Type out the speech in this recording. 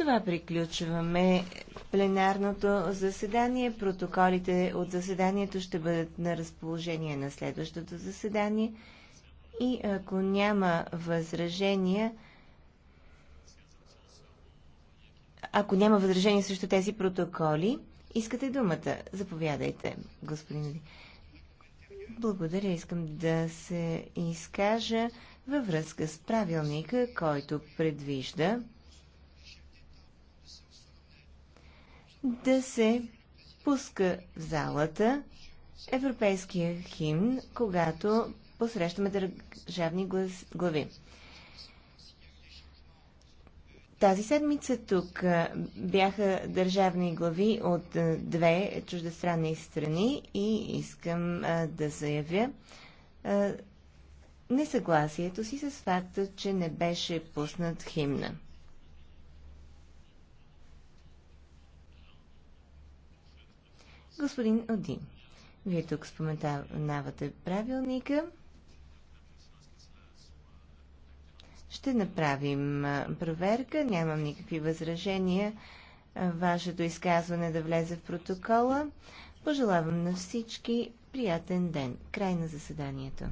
това приключваме пленарното заседание. Протоколите от заседанието ще бъдат на разположение на следващото заседание. И ако няма възражения, ако няма възражения срещу тези протоколи, искате думата. Заповядайте, господин. Благодаря. Искам да се изкажа във връзка с правилника, който предвижда да се пуска в залата европейския химн, когато посрещаме държавни глави. Тази седмица тук бяха държавни глави от две чуждестранни страни и искам да заявя несъгласието си с факта, че не беше пуснат химна. Господин Один, вие тук споменавате правилника. Ще направим проверка, нямам никакви възражения. Вашето изказване да влезе в протокола. Пожелавам на всички приятен ден. Край на заседанието.